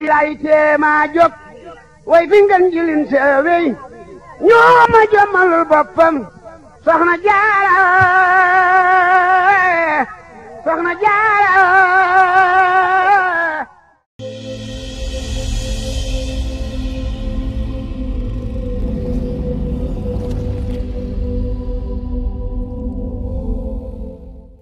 lay tee a jóg way fi ngeen jilin seewey ñoo ma jommalul boppam soxna Jaara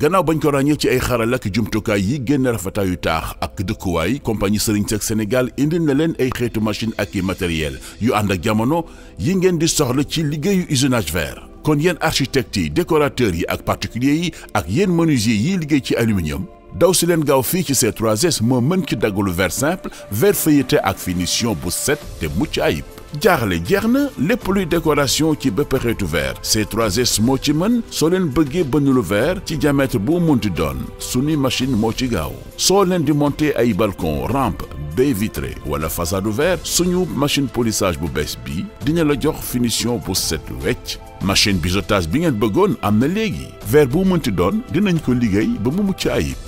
gannaaw bañ ko ràññee ci ay xaral ak jumtukaay yi génn rafetaayu taax ak dëkkuwaay compagnie Serigne Seck Sénégal indil na leen ay xeetu machine ak i matériel yu ànd ak jamono yi ngeen di soxla ci liggéeyu usinage vert. kon yéen architecte yi décorateur yi ak particulier yi ak yéen menuisier yi liggéey ci aluminium daw gaw fi ci ces 3S moo mën ci vers simple vers feuilleté ak finition bu set te mucc ayib. jaaxle le na lépp luy décoration ci bépp xeetu ces trois s moo ci mën soo leen bëggee bënn ci diamètre bu munti doon suñu machine moo ci gaaw soo leen di monter ay balcon rampe baie vitré wala façade ouverte suñu machine polissage bu bees bi dina la jox finition bu set wecc machine biseautage bi ngeen bëggoon am na léegi verre bu munti doon dinañ ko liggéey ba mu ayib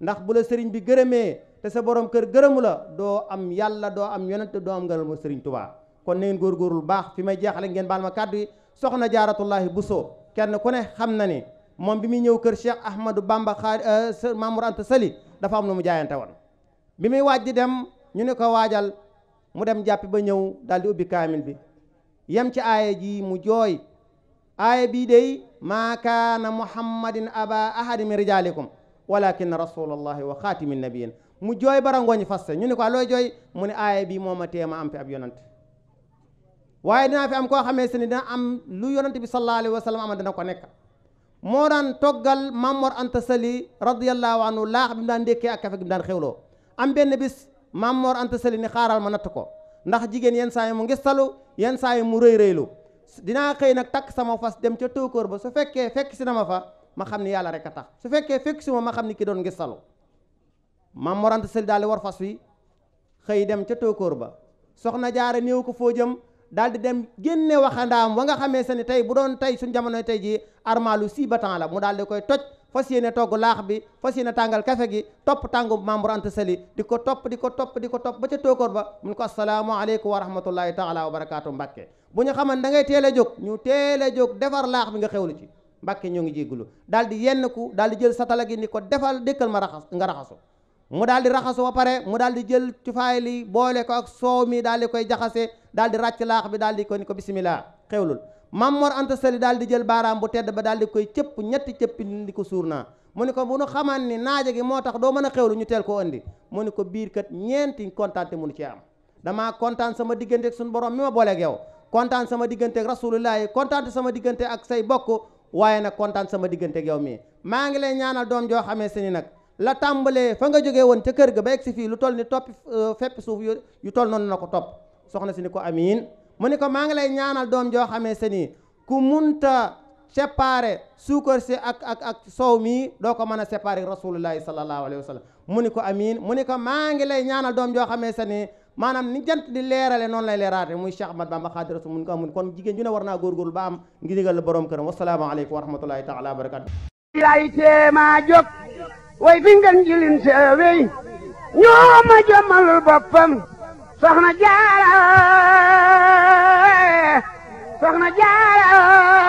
ndax bu la sëriñ bi gërëmee te sa borom kër gërëmu la doo am yàlla doo am yonent doo am ngërëmu sëriñ Tuubaa kon na ngeen góorgóorlu baax fi may jeexale ngeen baal ma kàddu yi soxna bu Buso kenn ku ne xam na ni moom bi muy ñëw kër Cheikh Ahmadou Bamba xaar euh, Mamour Anta Sali dafa am lu mu jaayante woon bi muy waaj di dem ñu ne ko waajal mu dem jàppi ba ñëw daal di ubbi kaamil bi yem ci aaya ji mu jooy aaya bii dey maa kaana muhammadin aba ahadin min rijaalikum walakin rasulallahi wa xaatimi nabiyin mu jooy bara ngooñ faste ñu ne ko looy jooy mu ne aaya bii moo ma teema am fi ab yonant waaye dinaa fi am koo xamee se ni dina am lu yonant bi sallallahu alayhi wa sallam ko nekk moo daan toggal Mamor Anta Sali radiyallahu anhu laax bi mu daan ndékkee ak daan xewloo am benn bis Mamor Anta Sali ni xaaral ma natt ko ndax jigéen yenn saa yi mu ngistalu yenn saa yi mu rëy rëylu dinaa xëy nag takk sama fas dem ca tóokóor ba su fekkee fekk si na ma fa ma xam ni yàlla rek a tax su fekkee fekk si ma ma xam ni ki doon ngistalu maam morant sëli daal di war fas wi xëy dem ca tóokóor ba soxna jaare néew ko foo jëm daal di dem génne waxandaam wa nga xamee se ni bu doon tey suñ jamonoy tey ji armalu si la mu di koy toj bi fas yéene kafe gi top tàngu membre ant sali top, ko top. di ko korba. di ko topp ba ca tóokóor ba mun ko asalaamaaleykum wa rahmatullahi taala wa barakaatu mbàkke bu ñu xaman da ngay teel a ñu bi nga xewlu ci mbàkke ñoo ngi jéggulu daal di yenn ku daal di jël satala gi ni ko defal dékkal ma raxas nga raxasu mu daal di raxasu ba pare mu daal di jël cufaay li boole ko ak soow mi daal di koy jaxase daal di ràcc laax bi daal di ko ni ko bisimilah xewlul Mamor Anta Sali daal di jël baaraam bu tedd ba daal di koy cëpp ñetti cëppi di ko suur naa mu ni ko bu nu xamaan ni naaje gi moo tax doo mën a xewlu ñu teel koo andi mu ni ko biir kat ñeenti kontaan te mënu ci am damaa kontaan sama diggante ak borom mi booleeg yow kontaan sama diggante ak rasulillahi kontaan sama diggante ak say bokk waaye nag kontaan sama diggante yow mii maa ngi lay ñaanal doom joo xamee se ni nag la tàmbalee fa nga jógee woon ca kër ga ba egg si fii lu toll ni topp euh, fépp suuf yu toll noonu na ko topp soxna si ni ko amiin mu ni ko maa ngi lay ñaanal doom joo xamee se ni ku munta séparé suukar si ak ak ak soow mii doo ko mën a séparé rasulullahi sallallahu alayhi wa sallam mu ni ko amiin mu ni ko maa ngi lay ñaanal doom joo xamee se ni maanaam ni jant di leerale noonu lay leeraate muy Cheikh Ahmad Bamba Xaadimu Rasuul mun ko amun kon jigéen ju ne war naa góorgóorlu baam ngi digal la borom këram wasalaamaaleykum wa rahmatulahi taala wa barakaatu lay teema way fi ngeen jilin sewey ma jëmalul boppam soxna jaara